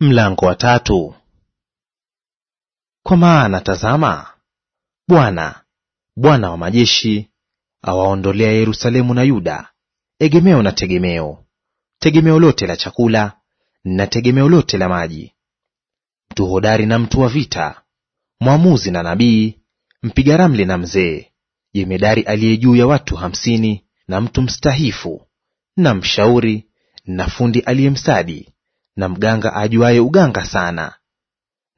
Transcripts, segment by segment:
Mlango wa tatu. Kwa maana tazama, Bwana Bwana wa majeshi awaondolea Yerusalemu na Yuda egemeo na tegemeo, tegemeo lote la chakula na tegemeo lote la maji, mtu hodari na mtu wa vita, mwamuzi na nabii, mpiga ramli na mzee, jemedari aliye juu ya watu hamsini, na mtu mstahifu na mshauri na fundi aliyemsadi na mganga ajuaye uganga sana.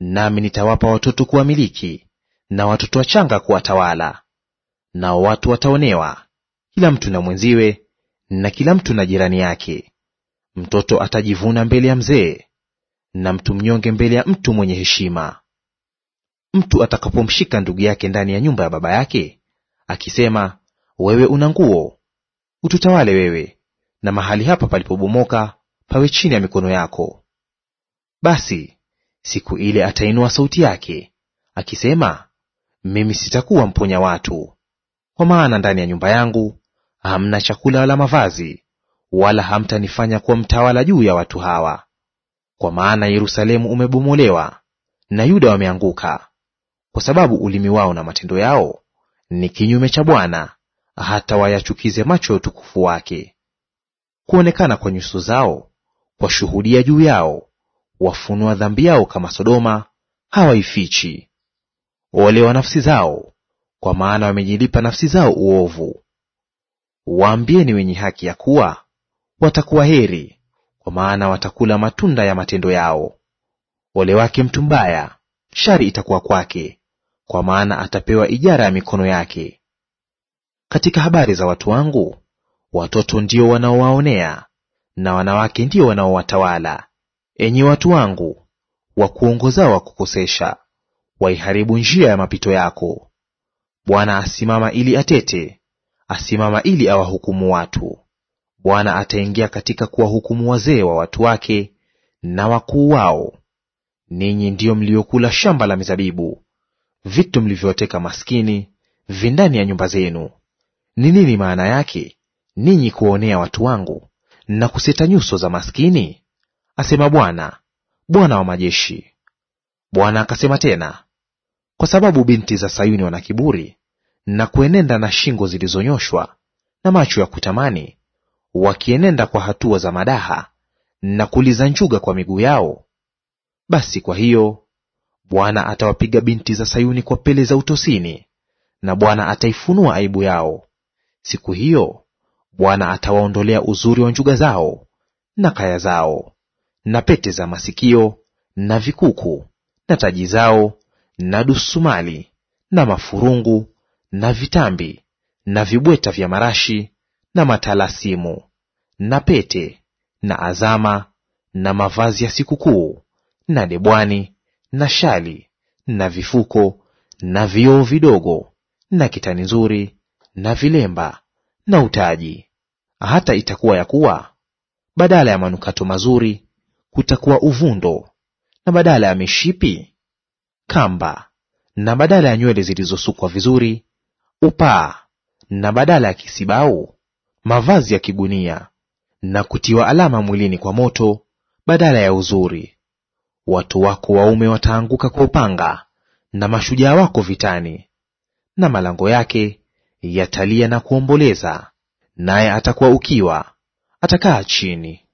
Nami nitawapa watoto kuwa miliki na watoto wachanga kuwatawala, nao watu wataonewa, kila mtu na mwenziwe, na kila mtu na jirani yake. Mtoto atajivuna mbele ya mzee, na mtu mnyonge mbele ya mtu mwenye heshima. Mtu atakapomshika ndugu yake ndani ya nyumba ya baba yake, akisema, wewe una nguo, ututawale wewe, na mahali hapa palipobomoka pawe chini ya mikono yako, basi siku ile atainua sauti yake akisema, mimi sitakuwa mponya watu, kwa maana ndani ya nyumba yangu hamna chakula wala mavazi, wala hamtanifanya kuwa mtawala juu ya watu hawa. Kwa maana Yerusalemu umebomolewa na Yuda wameanguka, kwa sababu ulimi wao na matendo yao ni kinyume cha Bwana, hata wayachukize macho ya utukufu wake. Kuonekana kwa nyuso zao kwa shuhudia juu yao wafunua dhambi yao kama Sodoma, hawaifichi. Ole wa nafsi zao, kwa maana wamejilipa nafsi zao uovu. Waambieni wenye haki ya kuwa watakuwa heri, kwa maana watakula matunda ya matendo yao. Ole wake mtu mbaya, shari itakuwa kwake, kwa maana atapewa ijara ya mikono yake. Katika habari za watu wangu, watoto ndio wanaowaonea na wanawake ndio wanaowatawala enyi watu wangu wa wakukosesha, waiharibu njia ya mapito yako. Bwana asimama ili atete, asimama ili awahukumu watu. Bwana ataingia katika kuwahukumu wazee wa watu wake na wakuu wao. Ninyi ndiyo mliokula shamba la mizabibu, vitu mlivyoteka maskini vindani ya nyumba zenu. Ni nini maana yake ninyi kuwaonea watu wangu na kuseta nyuso za maskini? asema Bwana, Bwana wa majeshi. Bwana akasema tena, kwa sababu binti za Sayuni wana kiburi na kuenenda na shingo zilizonyoshwa na macho ya kutamani, wakienenda kwa hatua za madaha na kuliza njuga kwa miguu yao, basi kwa hiyo Bwana atawapiga binti za Sayuni kwa pele za utosini, na Bwana ataifunua aibu yao. Siku hiyo Bwana atawaondolea uzuri wa njuga zao na kaya zao na pete za masikio na vikuku na taji zao na dusumali na mafurungu na vitambi na vibweta vya marashi na matalasimu na pete na azama na mavazi ya sikukuu na debwani na shali na vifuko na vioo vidogo na kitani nzuri na vilemba na utaji. Hata itakuwa ya kuwa badala ya manukato mazuri kutakuwa uvundo, na badala ya mishipi kamba, na badala ya nywele zilizosukwa vizuri upaa, na badala ya kisibau mavazi ya kigunia, na kutiwa alama mwilini kwa moto badala ya uzuri. Watu wako waume wataanguka kwa upanga, na mashujaa wako vitani. Na malango yake yatalia na kuomboleza, naye atakuwa ukiwa, atakaa chini.